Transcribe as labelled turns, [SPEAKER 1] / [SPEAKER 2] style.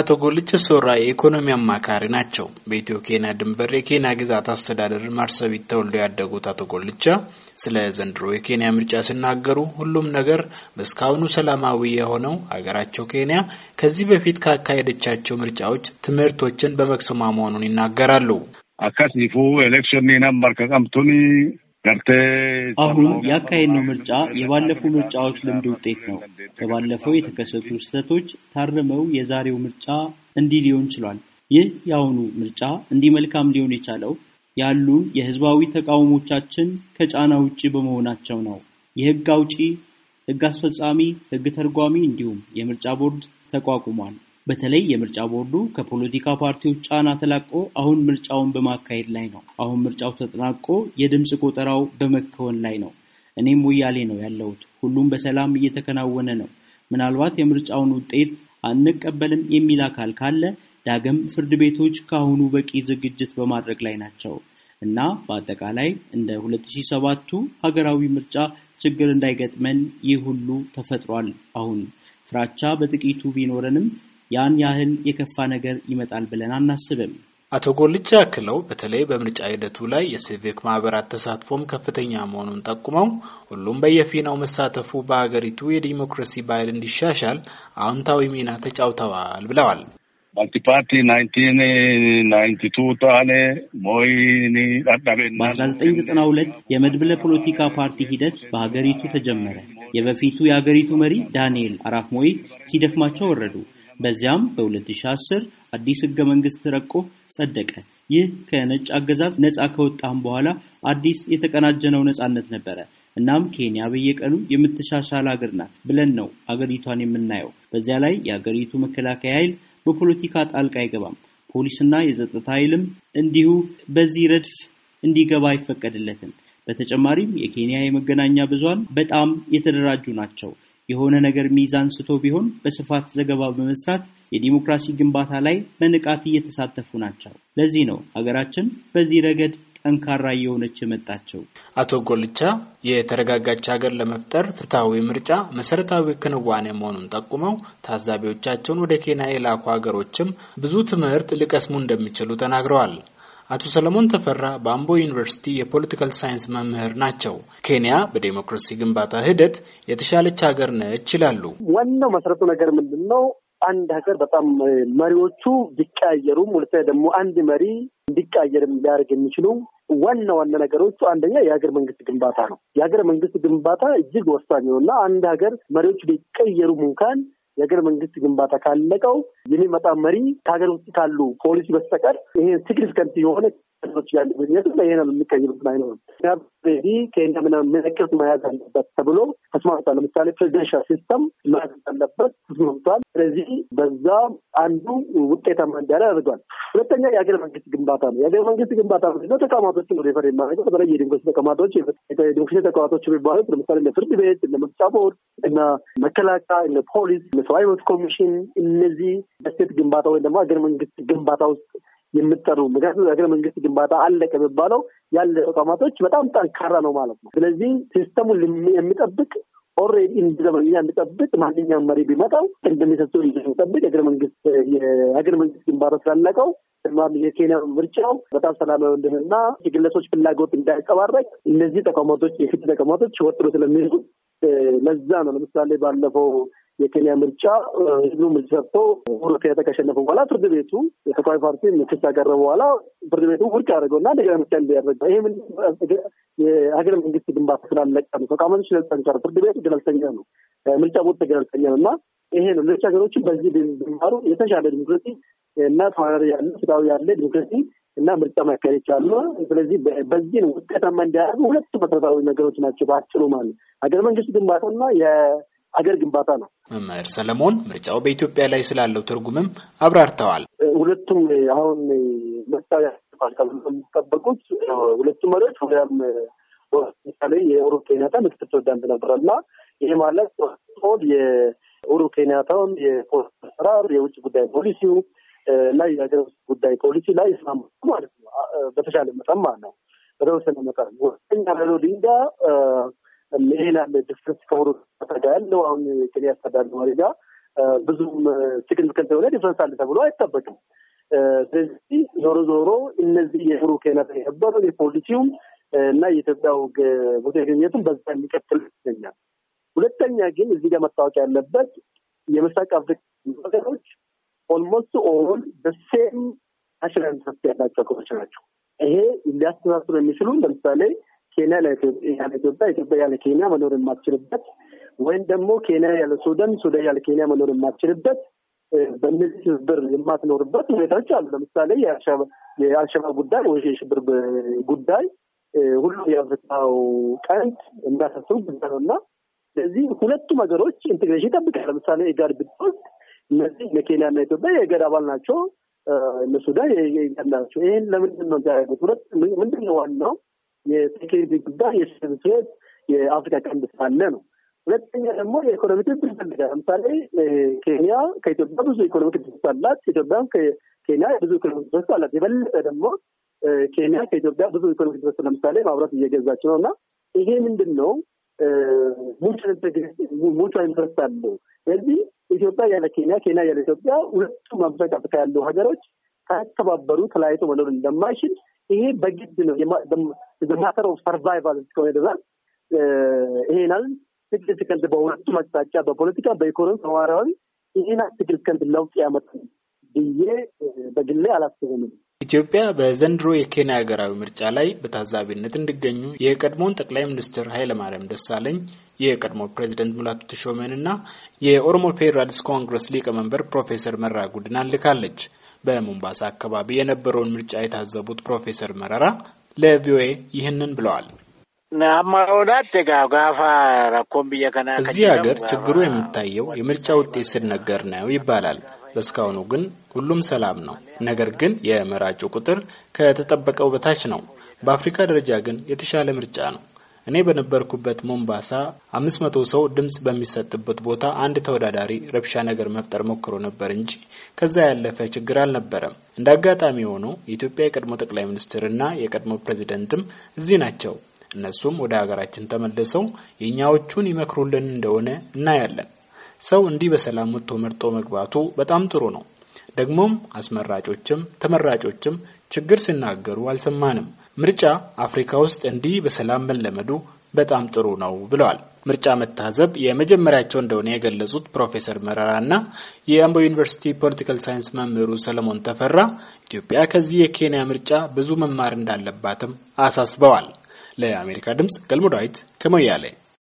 [SPEAKER 1] አቶ ጎልጭ ሶራ የኢኮኖሚ አማካሪ ናቸው። በኢትዮ ኬንያ ድንበር የኬንያ ግዛት አስተዳደር ማርሰቢት ተወልደው ያደጉት አቶ ጎልቻ ስለ ዘንድሮ የኬንያ ምርጫ ሲናገሩ ሁሉም ነገር በእስካሁኑ ሰላማዊ የሆነው ሀገራቸው ኬንያ ከዚህ በፊት ካካሄደቻቸው ምርጫዎች ትምህርቶችን በመቅሰሟ መሆኑን ይናገራሉ። አካስ ፉ ኤሌክሽን ከቀምቱኒ አሁን ያካሄድነው ምርጫ የባለፉ
[SPEAKER 2] ምርጫዎች ልምድ ውጤት ነው። ከባለፈው የተከሰቱ ስህተቶች ታርመው የዛሬው ምርጫ እንዲህ ሊሆን ችሏል። ይህ የአሁኑ ምርጫ እንዲህ መልካም ሊሆን የቻለው ያሉ የህዝባዊ ተቃውሞቻችን ከጫና ውጪ በመሆናቸው ነው። የህግ አውጪ፣ ህግ አስፈጻሚ፣ ህግ ተርጓሚ እንዲሁም የምርጫ ቦርድ ተቋቁሟል። በተለይ የምርጫ ቦርዱ ከፖለቲካ ፓርቲዎች ጫና ተላቆ አሁን ምርጫውን በማካሄድ ላይ ነው። አሁን ምርጫው ተጠናቆ የድምፅ ቆጠራው በመከወን ላይ ነው። እኔም ሞያሌ ነው ያለሁት። ሁሉም በሰላም እየተከናወነ ነው። ምናልባት የምርጫውን ውጤት አንቀበልም የሚል አካል ካለ ዳግም ፍርድ ቤቶች ከአሁኑ በቂ ዝግጅት በማድረግ ላይ ናቸው እና በአጠቃላይ እንደ 2007ቱ ሀገራዊ ምርጫ ችግር እንዳይገጥመን ይህ ሁሉ ተፈጥሯል። አሁን ፍራቻ በጥቂቱ ቢኖረንም ያን ያህል
[SPEAKER 1] የከፋ ነገር ይመጣል ብለን አናስብም። አቶ ጎልቻ አክለው በተለይ በምርጫ ሂደቱ ላይ የሲቪክ ማህበራት ተሳትፎም ከፍተኛ መሆኑን ጠቁመው ሁሉም በየፊናው መሳተፉ በሀገሪቱ የዲሞክራሲ ባህል እንዲሻሻል አዎንታዊ ሚና ተጫውተዋል ብለዋል። ማልቲፓርቲ ናይንቲን
[SPEAKER 2] ዘጠኝ ዘጠና ሁለት የመድብለ ፖለቲካ ፓርቲ ሂደት በሀገሪቱ ተጀመረ። የበፊቱ የሀገሪቱ መሪ ዳንኤል አራፍ ሞይ ሲደክማቸው ወረዱ። በዚያም በ2010 አዲስ ህገ መንግስት ረቆ ጸደቀ። ይህ ከነጭ አገዛዝ ነፃ ከወጣም በኋላ አዲስ የተቀናጀነው ነፃነት ነበረ። እናም ኬንያ በየቀኑ የምትሻሻል ሀገር ናት ብለን ነው አገሪቷን የምናየው። በዚያ ላይ የአገሪቱ መከላከያ ኃይል በፖለቲካ ጣልቃ አይገባም። ፖሊስና የጸጥታ ኃይልም እንዲሁ በዚህ ረድፍ እንዲገባ አይፈቀድለትም። በተጨማሪም የኬንያ የመገናኛ ብዙሃን በጣም የተደራጁ ናቸው። የሆነ ነገር ሚዛን ስቶ ቢሆን በስፋት ዘገባ በመስራት የዲሞክራሲ ግንባታ ላይ በንቃት እየተሳተፉ ናቸው። ለዚህ ነው ሀገራችን በዚህ ረገድ
[SPEAKER 1] ጠንካራ እየሆነች የመጣቸው። አቶ ጎልቻ የተረጋጋች ሀገር ለመፍጠር ፍትሐዊ ምርጫ መሰረታዊ ክንዋኔ መሆኑን ጠቁመው ታዛቢዎቻቸውን ወደ ኬንያ የላኩ ሀገሮችም ብዙ ትምህርት ሊቀስሙ እንደሚችሉ ተናግረዋል። አቶ ሰለሞን ተፈራ በአምቦ ዩኒቨርሲቲ የፖለቲካል ሳይንስ መምህር ናቸው። ኬንያ በዴሞክራሲ ግንባታ ሂደት የተሻለች ሀገር ነች ይላሉ።
[SPEAKER 3] ዋናው መሰረቱ ነገር ምንድን ነው? አንድ ሀገር በጣም መሪዎቹ ቢቀያየሩም፣ ሁለተኛ ደግሞ አንድ መሪ እንዲቀያየርም ሊያደርግ የሚችሉ ዋና ዋና ነገሮቹ አንደኛ የሀገር መንግስት ግንባታ ነው። የሀገር መንግስት ግንባታ እጅግ ወሳኝ ነው እና አንድ ሀገር መሪዎቹ ቢቀየሩም እንኳን የሀገር መንግስት ግንባታ ካለቀው የሚመጣ መሪ ከሀገር ውስጥ ካሉ ፖሊሲ በስተቀር ይሄን ሲግኒፊካንት የሆነ ች ያሉ ግንኙነት ይሄን የሚቀይሩት አይኖርም። ዚ ከኛ ምና ምልክት መያዝ አለበት ተብሎ ተስማምቷል። ለምሳሌ ፕሬዚደንሻል ሲስተም መያዝ አለበት ተስማምቷል። ስለዚህ በዛ አንዱ ውጤታማ እንዲያለ አድርጓል። ሁለተኛ የሀገር መንግስት ግንባታ ነው። የሀገር መንግስት ግንባታ ነው ተቋማቶች ነው ሪፈር የማድረገው በተለይ የዲሞክራሲ ተቋማቶች የዲሞክራሲ ተቋማቶች የሚባሉት ለምሳሌ እንደ ፍርድ ቤት፣ እንደ ምርጫ ቦርድ፣ እነ መከላከያ፣ እነ ፖሊስ፣ እነ ሰብዓዊ መብት ኮሚሽን እነዚህ በስቴት ግንባታ ወይም ደግሞ ሀገር መንግስት ግንባታ ውስጥ የምጠሩ ምክንያቱም ሀገር መንግስት ግንባታ አለቀ የሚባለው ያለ ተቋማቶች በጣም ጠንካራ ነው ማለት ነው። ስለዚህ ሲስተሙን የሚጠብቅ ኦሬዲ እንደ መግኛ እንጠብቅ ማንኛውም መሪ ቢመጣው እንደሚሰጡ ይዞ እንጠብቅ የሀገር መንግስት የሀገር መንግስት ግንባሮ ስላለቀው ማም የኬንያ ምርጫው በጣም ሰላማዊ እንድንና የግለሰቦች ፍላጎት እንዳይንጸባረቅ እነዚህ ተቋማቶች የፊት ተቋማቶች ወጥሮ ስለሚይዙ ለዛ ነው። ለምሳሌ ባለፈው የኬንያ ምርጫ ህዝቡ ምርጭ ሰጥቶ ኡሁሩ ኬንያታ ከሸነፈ በኋላ ፍርድ ቤቱ የተቃዋሚ ፓርቲ ክስ ካቀረበ በኋላ ፍርድ ቤቱ ውድቅ ያደርገው እና እንደገና ምርጫ እንዲያደረግ ይህ ምን የሀገር መንግስት ግንባታ ስላለቀ ነው። ተቋማቶች ስለጠንከሩ ፍርድ ቤቱ ገለልተኛ ነው። ምርጫ ቦርድ ገለልተኛ ነው እና ይሄ ነው ሌሎች ሀገሮችን በዚህ ብንማሩ የተሻለ ዲሞክራሲ እና ተዋራሪ ያለ ስዳዊ ያለ ዲሞክራሲ እና ምርጫ ማካሄድ ይቻሉ። ስለዚህ በዚህ ነው ውጤታማ እንዲያደርጉ ሁለቱ መሰረታዊ ነገሮች ናቸው በአጭሩ ማለት ሀገር መንግስት ግንባታና አገር ግንባታ ነው።
[SPEAKER 1] መምህር ሰለሞን ምርጫው በኢትዮጵያ ላይ ስላለው ትርጉምም አብራርተዋል።
[SPEAKER 3] ሁለቱም አሁን መታያ የሚጠበቁት ሁለቱም መሪዎች ወያም ምሳሌ የኦሮ ኬንያታ ምክትል ፕሬዚዳንት ነበረ እና ይህ ማለት ሆድ የኦሮ ኬንያታውን የፖለቲካ አሰራር፣ የውጭ ጉዳይ ፖሊሲው ላይ የሀገር ውስጥ ጉዳይ ፖሊሲ ላይ ስማ ማለት ነው። በተሻለ መጠን ማለት ነው። በተወሰነ መጠን ወኛ ለሎ ዲንጋ ይሄን ያለ ድፍረት ከሆኑ ተጋ ያለው አሁን የኬንያ አስተዳዳሪ ጋር ብዙም ሲግኒፊካንት የሆነ ዲፍረንስ አለ ተብሎ አይጠበቅም። ስለዚህ ዞሮ ዞሮ እነዚህ የሩ ኬንያታ የነበረው የፖሊሲውም እና የኢትዮጵያው ቦታ ግንኙነቱም በዛ የሚቀጥል ይመስለኛል። ሁለተኛ ግን እዚህ ጋር መታወቅ ያለበት የምስራቅ አፍሪካ ሀገሮች ኦልሞስት ኦል በሴም ናሽናል ኢንትረስት ያላቸው ሀገሮች ናቸው። ይሄ ሊያስተሳስሩ የሚችሉ ለምሳሌ ኬንያ ያለ ኢትዮጵያ፣ ኢትዮጵያ ያለ ኬንያ መኖር የማትችልበት ወይም ደግሞ ኬንያ ያለ ሱዳን፣ ሱዳን ያለ ኬንያ መኖር የማትችልበት በእነዚህ ትብብር የማትኖርበት ሁኔታዎች አሉ። ለምሳሌ የአልሸባብ ጉዳይ ወይ የሽብር ጉዳይ ሁሉም የአፍሪካው ቀንድ የሚያሳስቡ ጉዳይ ነው እና ስለዚህ ሁለቱም ሀገሮች ኢንቴግሬሽን ይጠብቃል። ለምሳሌ ኢጋድ ብትወስድ እነዚህ ለኬንያ እና ኢትዮጵያ የኢጋድ አባል ናቸው። እነ ሱዳን የኢጋድ ናቸው። ይህን ለምንድን ነው ያደረጉት? ምንድን ነው ዋናው የሴኪሪቲ ጉዳይ የሽብትት የአፍሪካ ቀንድ ሳለ ነው። ሁለተኛ ደግሞ የኢኮኖሚ ትብብር ይፈልጋል። ለምሳሌ ኬንያ ከኢትዮጵያ ብዙ ኢኮኖሚ ትብብር አላት። ኢትዮጵያ ከኬንያ ብዙ ኢኮኖሚ ትብብር አላት። የበለጠ ደግሞ ኬንያ ከኢትዮጵያ ብዙ ኢኮኖሚ ትብብር ለምሳሌ ማብራት እየገዛች ነው እና ይሄ ምንድን ነው ሙቹ ኢንትረስት አለው። ስለዚህ ኢትዮጵያ ያለ ኬንያ፣ ኬንያ ያለ ኢትዮጵያ ሁለቱም አፍሪካ ያሉ ሀገሮች ሳይተባበሩ ተለያይቶ መኖር እንደማይችል ይሄ በግድ ነው ማተር ኦፍ ሰርቫይቫል እስከሆነ ድረስ ይሄናል ትግል ትከንድ በሁለቱ አቅጣጫ በፖለቲካ በኢኮኖሚ ተዋራዊ ይህን ትግል ትከንድ ለውጥ ያመጣል ብዬ በግሌ አላስብም።
[SPEAKER 1] ኢትዮጵያ በዘንድሮ የኬንያ ሀገራዊ ምርጫ ላይ በታዛቢነት እንዲገኙ የቀድሞውን ጠቅላይ ሚኒስትር ኃይለማርያም ደሳለኝ፣ የቀድሞ ፕሬዚደንት ሙላቱ ተሾመን እና የኦሮሞ ፌዴራልስ ኮንግረስ ሊቀመንበር ፕሮፌሰር መረራ ጉዲናን ልካለች። በሞምባሳ አካባቢ የነበረውን ምርጫ የታዘቡት ፕሮፌሰር መረራ ለቪኦኤ ይህንን ብለዋል። እዚህ ሀገር ችግሩ የሚታየው የምርጫ ውጤት ሲነገር ነው ይባላል። በእስካሁኑ ግን ሁሉም ሰላም ነው። ነገር ግን የመራጩ ቁጥር ከተጠበቀው በታች ነው። በአፍሪካ ደረጃ ግን የተሻለ ምርጫ ነው። እኔ በነበርኩበት ሞምባሳ አምስት መቶ ሰው ድምጽ በሚሰጥበት ቦታ አንድ ተወዳዳሪ ረብሻ ነገር መፍጠር ሞክሮ ነበር እንጂ ከዛ ያለፈ ችግር አልነበረም። እንደ አጋጣሚ ሆኖ የኢትዮጵያ የቀድሞ ጠቅላይ ሚኒስትርና የቀድሞ ፕሬዚደንትም እዚህ ናቸው። እነሱም ወደ ሀገራችን ተመልሰው የእኛዎቹን ይመክሩልን እንደሆነ እናያለን። ሰው እንዲህ በሰላም ወጥቶ መርጦ መግባቱ በጣም ጥሩ ነው። ደግሞም አስመራጮችም ተመራጮችም ችግር ሲናገሩ አልሰማንም። ምርጫ አፍሪካ ውስጥ እንዲህ በሰላም መለመዱ በጣም ጥሩ ነው ብለዋል። ምርጫ መታዘብ የመጀመሪያቸው እንደሆነ የገለጹት ፕሮፌሰር መረራ እና የአምቦ ዩኒቨርሲቲ ፖለቲካል ሳይንስ መምህሩ ሰለሞን ተፈራ ኢትዮጵያ ከዚህ የኬንያ ምርጫ ብዙ መማር እንዳለባትም አሳስበዋል። ለአሜሪካ ድምጽ ገልሞ ዳዊት ከሞያሌ